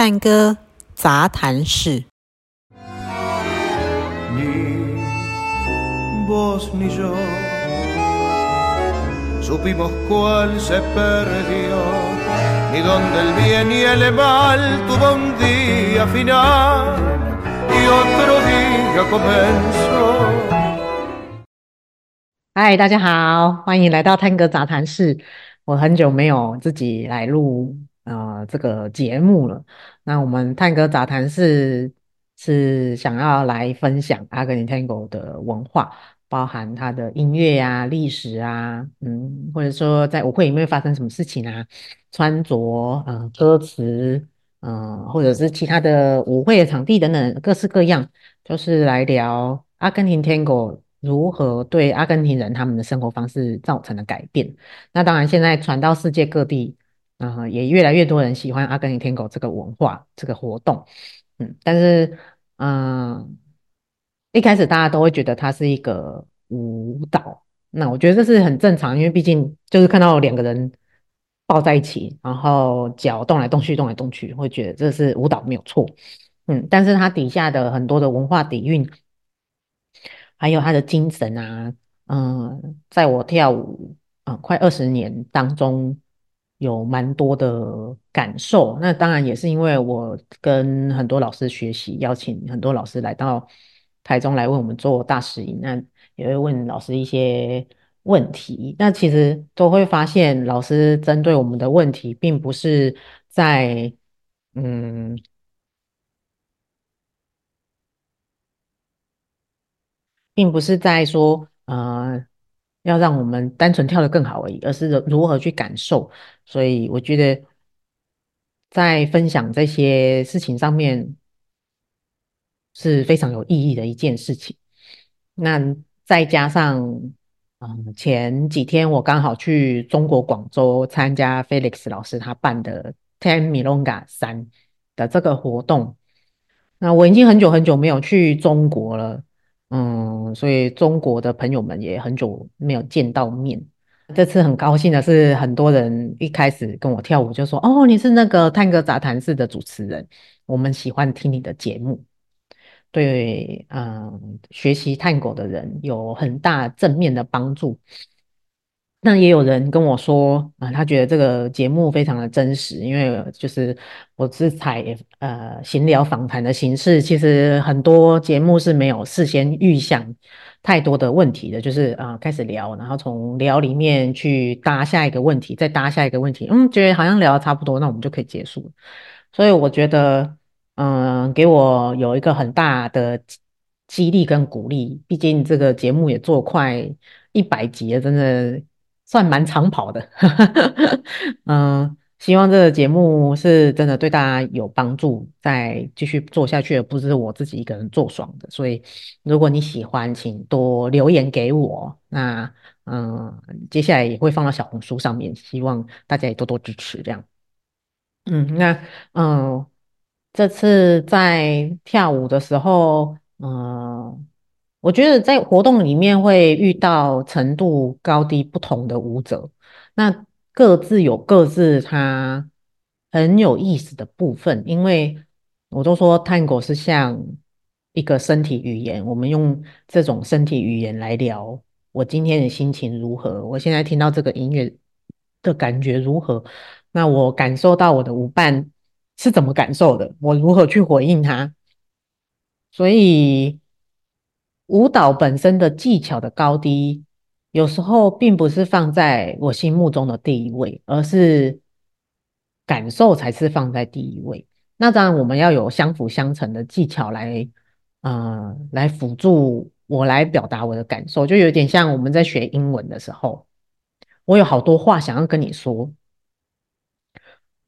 探戈雜談室。嗨，大家好，歡迎來到探戈雜談室。我很久沒有自己來錄。呃，這個節目了，那我們探戈雜談室是想要來分享阿根廷 Tango 的文化，包含它的音樂啊、歷史啊，嗯，或者說在舞會裡面發生什麼事情啊，穿着、嗯、呃，歌詞，呃，或者是其他的舞會的場地等等，各式各樣，就是來聊阿根廷 Tango 如何對阿根廷人他們的生活方式造成了改變。那當然，現在傳到世界各地。嗯，也越來越多人喜歡阿根廷探戈這個文化，這個活動。嗯，但是，嗯，一開始大家都會覺得它是一個舞蹈。那我覺得這是很正常，因為畢竟就是看到兩個人抱在一起，然後腳動來動去，動來動去，會覺得這是舞蹈沒有錯。嗯，但是它底下的很多的文化底蘊，還有他的精神啊，嗯，在我跳舞，嗯，快二十年當中。有蠻多的感受，那當然也是因為我跟很多老師學習，邀請很多老師來到台中來為我們做大師營，那也會問老師一些問題，那其實都會發現老師針對我們的問題，並不是在，嗯，並不是在說，嗯。呃要讓我們單純跳得更好而已，而是如何去感受。所以我覺得，在分享這些事情上面是非常有意義的一件事情。那再加上，嗯，前幾天我剛好去中國廣州參加 Felix 老師他辦的 Ten Milonga 三的這個活動。那我已經很久很久沒有去中國了。嗯，所以中國的朋友們也很久沒有見到面。這次很高興的是，很多人一開始跟我跳舞就說：“哦，你是那個探戈雜談室的主持人，我們喜歡聽你的節目，對，嗯，學習探戈的人有很大正面的幫助。”那也有人跟我說啊、呃，他覺得這個節目非常的真實，因為就是我自採呃閒聊訪談的形式，其實很多節目是沒有事先預想太多的問題的，就是啊、呃、開始聊，然後從聊裡面去搭下一個問題，再搭下一個問題，嗯，覺得好像聊得差不多，那我們就可以結束。所以我覺得，嗯、呃，給我有一個很大的激勵跟鼓勵，畢竟這個節目也做快一百集了，真的。算蠻長跑的， 嗯，希望這個節目是真的對大家有幫助，再繼續做下去，不是我自己一個人做爽的，所以如果你喜歡，請多留言給我。那嗯，接下來也會放到小紅書上面，希望大家也多多支持。這樣，嗯，那嗯，這次在跳舞的時候，嗯。我覺得在活動裡面會遇到程度高低不同的舞者，那各自有各自它很有意思的部分。因為我都說探戈是像一個身體語言，我們用這種身體語言來聊我今天的心情如何，我現在聽到這個音樂的感覺如何，那我感受到我的舞伴是怎麼感受的，我如何去回應他。所以。舞蹈本身的技巧的高低，有時候並不是放在我心目中的第一位，而是感受才是放在第一位。那當然，我們要有相輔相成的技巧來，嗯、呃、來輔助我來表達我的感受，就有點像我們在學英文的時候，我有好多話想要跟你說，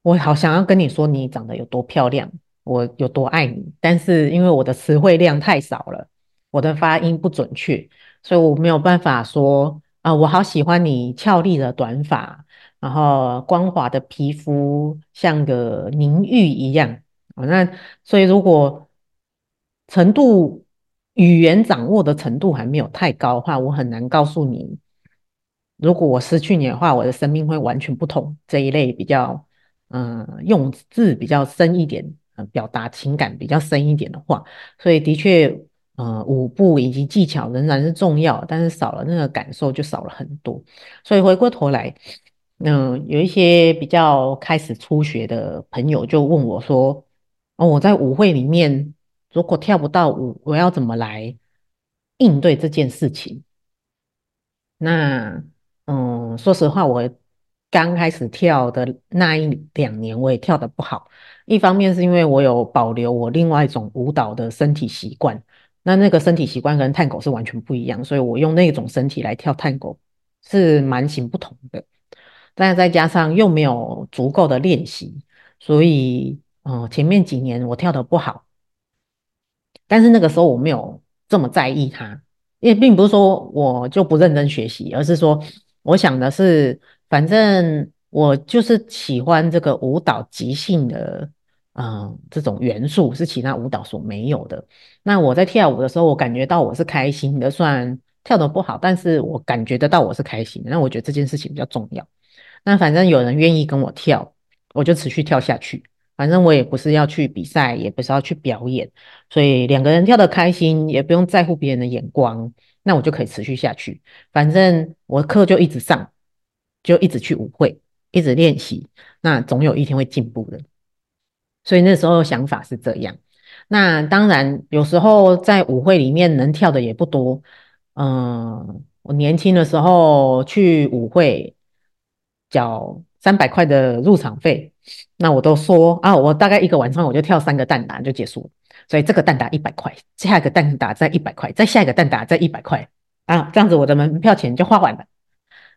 我好想要跟你說你長得有多漂亮，我有多愛你，但是因為我的詞彙量太少了。我的發音不準確，所以我沒有辦法說啊、呃，我好喜歡你俏麗的短髮，然後光滑的皮膚，像個凝玉一樣啊、哦。那所以，如果程度語言掌握的程度還沒有太高的話，我很難告訴你，如果我失去你的話，我的生命會完全不同。這一類比較嗯、呃，用字比較深一點，呃、表達情感比較深一點的話，所以的確。呃、嗯，舞步以及技巧仍然是重要，但是少了那個感受就少了很多。所以回過頭來，嗯，有一些比較開始初學的朋友就問我說：“哦，我在舞會裡面如果跳不到舞，我要怎麼來應對這件事情？”那嗯，說實話，我剛開始跳的那一兩年，我也跳得不好。一方面是因為我有保留我另外一種舞蹈的身體習慣。那那個身體習慣跟探戈是完全不一樣，所以我用那種身體來跳探戈是蠻行不通的。但再加上又沒有足夠的練習，所以嗯、哦，前面幾年我跳得不好。但是那個時候我沒有這麼在意它，也並不是說我就不認真學習，而是說我想的是，反正我就是喜歡這個舞蹈即興的。嗯，這種元素是其他舞蹈所沒有的。那我在跳舞的時候，我感覺到我是開心的，雖然跳得不好，但是我感覺得到我是開心。那我覺得這件事情比較重要。那反正有人願意跟我跳，我就持續跳下去。反正我也不是要去比賽，也不是要去表演，所以兩個人跳得開心，也不用在乎別人的眼光，那我就可以持續下去。反正我課就一直上，就一直去舞會，一直練習，那總有一天會進步的。所以那時候想法是這樣，那當然有時候在舞會裡面能跳的也不多。嗯，我年輕的時候去舞會，繳三百塊的入場費，那我都說啊，我大概一個晚上我就跳三個 tanda 就結束了。所以這個 tanda 一百塊，下一個 tanda 再一百塊，再下一個 tanda 再一百塊啊，這樣子我的門票錢就花完了。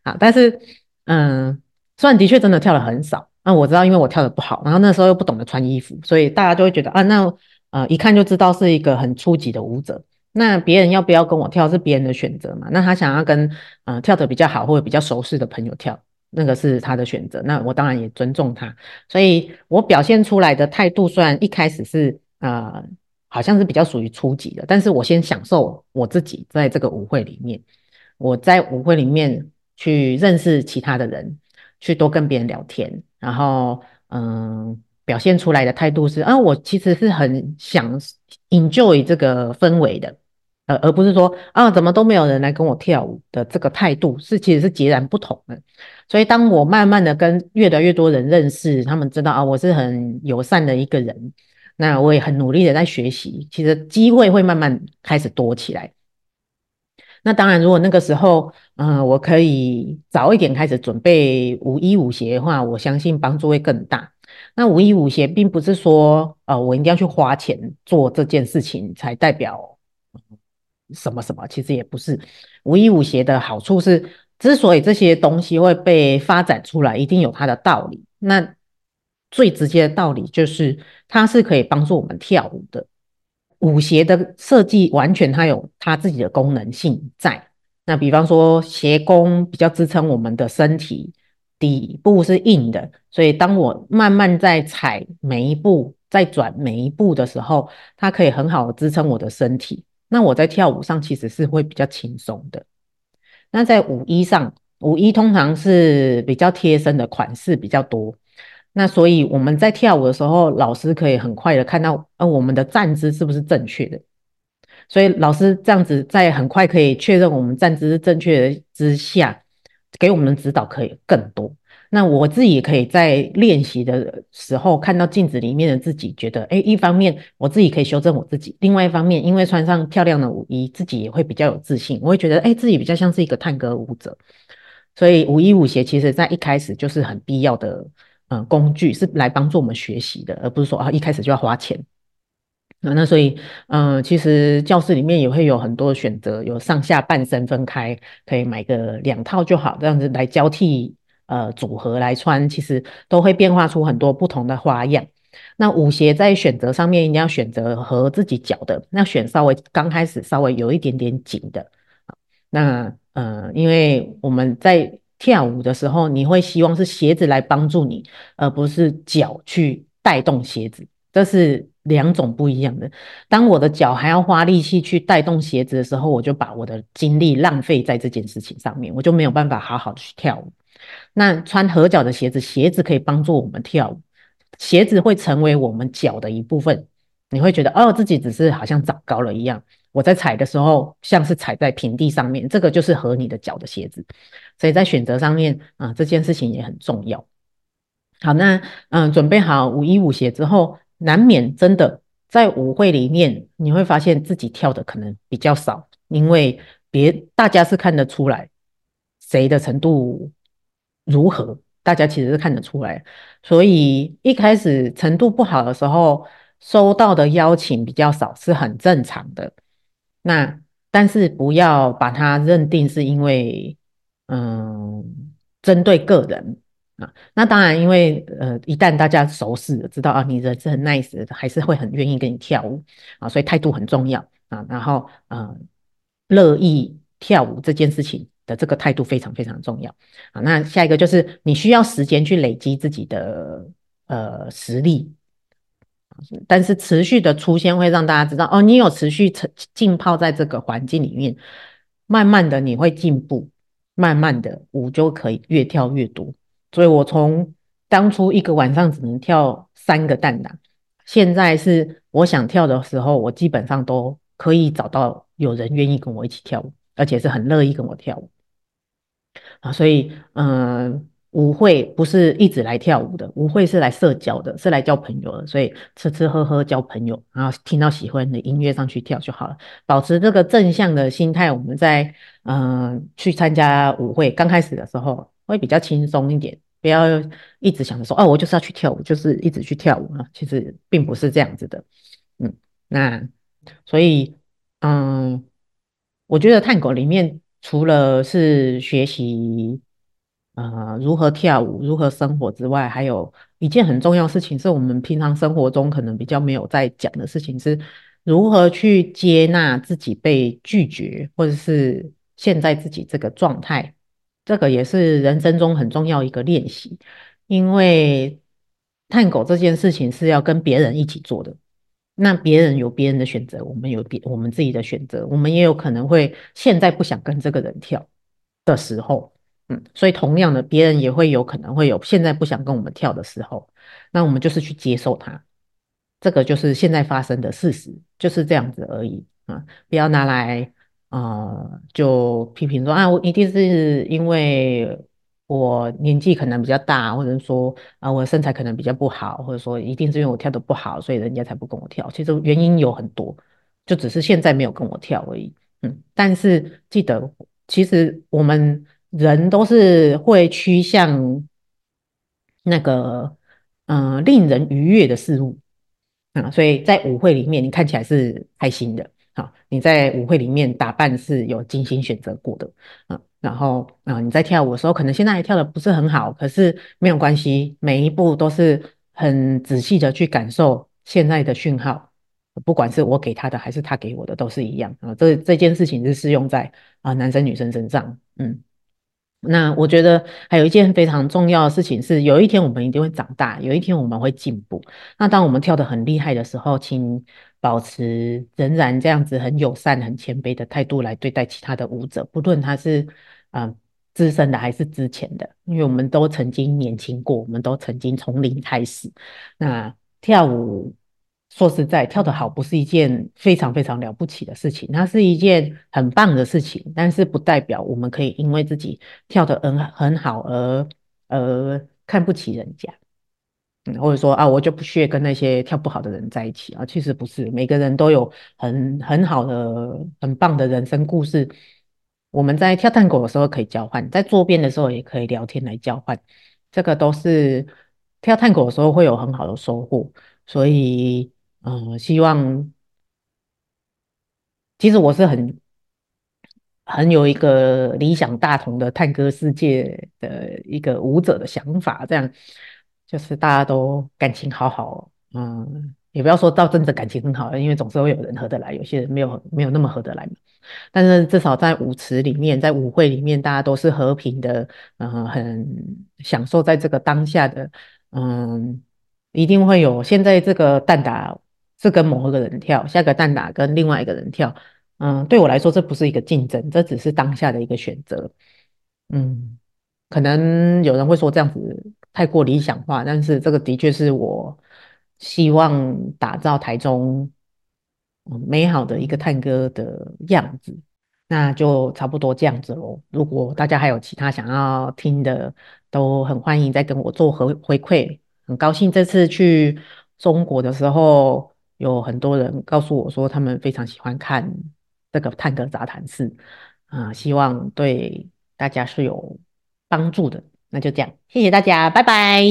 啊，但是嗯，雖然的確真的跳的很少。那、啊、我知道，因為我跳得不好，然後那時候又不懂得穿衣服，所以大家就會覺得啊，那呃，一看就知道是一個很初級的舞者。那別人要不要跟我跳是別人的選擇嘛？那他想要跟呃跳得比較好或者比較熟識的朋友跳，那個是他的選擇。那我當然也尊重他，所以我表現出來的態度雖然一開始是呃，好像是比較屬於初級的，但是我先享受我自己在這個舞會裡面，我在舞會裡面去認識其他的人。去多跟別人聊天，然後，嗯、呃，表現出來的態度是，啊，我其實是很想 enjoy 這個氛圍的，呃，而不是說，啊，怎麼都沒有人來跟我跳舞的這個態度，是其實是截然不同的。所以，當我慢慢的跟越來越多人認識，他們知道啊，我是很友善的一個人，那我也很努力的在學習，其實機會會慢慢開始多起來。那當然，如果那個時候，嗯，我可以早一點開始準備舞衣舞鞋的話，我相信幫助會更大。那舞衣舞鞋並不是說，呃，我一定要去花錢做這件事情才代表、嗯、什麼什麼，其實也不是。舞衣舞鞋的好處是，之所以這些東西會被發展出來，一定有它的道理。那最直接的道理就是，它是可以幫助我們跳舞的。舞鞋的設計完全，它有它自己的功能性在，那比方說鞋弓比較支撐我們的身體，底部是硬的，所以當我慢慢在踩每一步，在轉每一步的時候，它可以很好的支撐我的身體。那我在跳舞上其實是會比較輕鬆的。那在舞衣上，舞衣通常是比較貼身的款式比較多。那所以我們在跳舞的時候，老師可以很快的看到，呃，我們的站姿是不是正確的。所以老師這樣子在很快可以確認我們站姿正確之下，給我們的指導可以更多。那我自己也可以在練習的時候看到鏡子裡面的自己，覺得，哎，一方面我自己可以修正我自己，另外一方面，因為穿上漂亮的舞衣，自己也會比較有自信，我會覺得，哎，自己比較像是一個探戈舞者。所以舞衣舞鞋其實在一開始就是很必要的。嗯，工具是來幫助我們學習的，而不是說啊一開始就要花錢。那那所以，嗯，其實教室裡面也會有很多選擇，有上下半身分開，可以買個兩套就好，這樣子來交替呃組合來穿，其實都會變化出很多不同的花樣。那舞鞋在選擇上面一定要選擇合自己腳的，那選稍微剛開始稍微有一點點緊的。那嗯、呃，因為我們在跳舞的時候，你會希望是鞋子來幫助你，而不是腳去帶動鞋子。這是兩種不一樣的。當我的腳還要花力氣去帶動鞋子的時候，我就把我的精力浪費在這件事情上面，我就沒有辦法好好去跳舞。那穿合腳的鞋子，鞋子可以幫助我們跳舞，鞋子會成為我們腳的一部分。你會覺得，哦，自己只是好像長高了一樣。我在踩的時候像是踩在平地上面，這個就是合你的腳的鞋子，所以在選擇上面啊、呃，這件事情也很重要。好，那嗯、呃，準備好舞衣舞鞋之後，難免真的在舞會裡面，你會發現自己跳的可能比較少，因為別大家是看得出來誰的程度如何，大家其實是看得出來，所以一開始程度不好的時候，收到的邀請比較少是很正常的。那但是不要把它認定是因為嗯針對個人啊，那當然因為呃一旦大家熟識了，知道啊，你人是很 nice，還是會很願意跟你跳舞啊，所以態度很重要啊，然後呃樂意跳舞這件事情的這個態度非常非常重要啊。那下一個就是你需要時間去累積自己的呃實力。但是持續的出現會讓大家知道哦，你有持續浸泡在這個環境裡面，慢慢的你會進步，慢慢的舞就可以越跳越多。所以我從當初一個晚上只能跳三個 tanda，現在是我想跳的時候，我基本上都可以找到有人願意跟我一起跳舞，而且是很樂意跟我跳舞啊。所以嗯。呃舞會不是一直來跳舞的，舞會是來社交的，是來交朋友的，所以吃吃喝喝交朋友，然後聽到喜歡的音樂上去跳就好了，保持這個正向的心態，我們在嗯、呃、去參加舞會，剛開始的時候會比較輕鬆一點，不要一直想着說哦，我就是要去跳舞，就是一直去跳舞啊，其實並不是這樣子的，嗯，那所以嗯，我覺得探戈裡面除了是學習。呃，如何跳舞，如何生活之外，還有一件很重要事情，是我們平常生活中可能比較沒有在講的事情，是如何去接納自己被拒絕，或者是現在自己這個狀態。這個也是人生中很重要一個練習，因為探戈這件事情是要跟別人一起做的，那別人有別人的選擇，我們有別我們自己的選擇，我們也有可能會現在不想跟這個人跳的時候。嗯，所以同樣的，別人也會有可能會有現在不想跟我們跳的時候，那我們就是去接受它。這個就是現在發生的事實，就是這樣子而已啊，嗯，不要拿來啊，呃，就批評說啊，我一定是因為我年紀可能比較大，或者說啊我身材可能比較不好，或者說一定是因為我跳得不好，所以人家才不跟我跳。其實原因有很多，就只是現在沒有跟我跳而已。嗯，但是記得，其實我們。人都是會趨向那個嗯、呃、令人愉悅的事物啊，所以在舞會裡面你看起來是開心的，好、啊，你在舞會裡面打扮是有精心選擇過的，嗯、啊，然後啊你在跳舞的時候可能現在還跳得不是很好，可是沒有關係，每一步都是很仔細的去感受現在的訊號，不管是我給他的還是他給我的都是一樣啊，這這件事情是適用在啊、呃、男生女生身上，嗯。那我覺得還有一件非常重要的事情是，有一天我們一定會長大，有一天我們會進步。那當我們跳得很厲害的時候，請保持仍然這樣子很友善、很謙卑的態度來對待其他的舞者，不論他是嗯、呃、資深的還是之前的，因為我們都曾經年輕過，我們都曾經從零開始。那跳舞。說實在，跳得好不是一件非常非常了不起的事情，它是一件很棒的事情。但是不代表我們可以因為自己跳得很很好而，而看不起人家。嗯，或者說啊，我就不屑跟那些跳不好的人在一起啊。其實不是，每個人都有很很好的、很棒的人生故事。我們在跳探戈的時候可以交換，在坐邊的時候也可以聊天來交換。這個都是跳探戈的時候會有很好的收穫，所以。嗯，希望其實我是很很有一個理想大同的探戈世界的一個舞者的想法，這樣就是大家都感情好好，嗯，也不要說到真的感情很好，因為總是會有人合得來，有些人沒有沒有那麼合得來嘛，但是至少在舞池裡面，在舞會裡面，大家都是和平的，嗯，很享受在這個當下的，嗯，一定會有現在這個 tanda，是跟某一個人跳，下個 tanda 跟另外一個人跳，嗯，對我來說這不是一個競爭，這只是當下的一個選擇，嗯，可能有人會說這樣子太過理想化，但是這個的確是我希望打造台中美好的一個探戈的樣子，那就差不多這樣子嘍、哦。如果大家還有其他想要聽的，都很歡迎再跟我做回回饋。很高興這次去中國的時候。有很多人告訴我說，他們非常喜歡看這個探戈雜談室，啊、呃，希望對大家是有幫助的。那就這樣，謝謝大家，拜拜。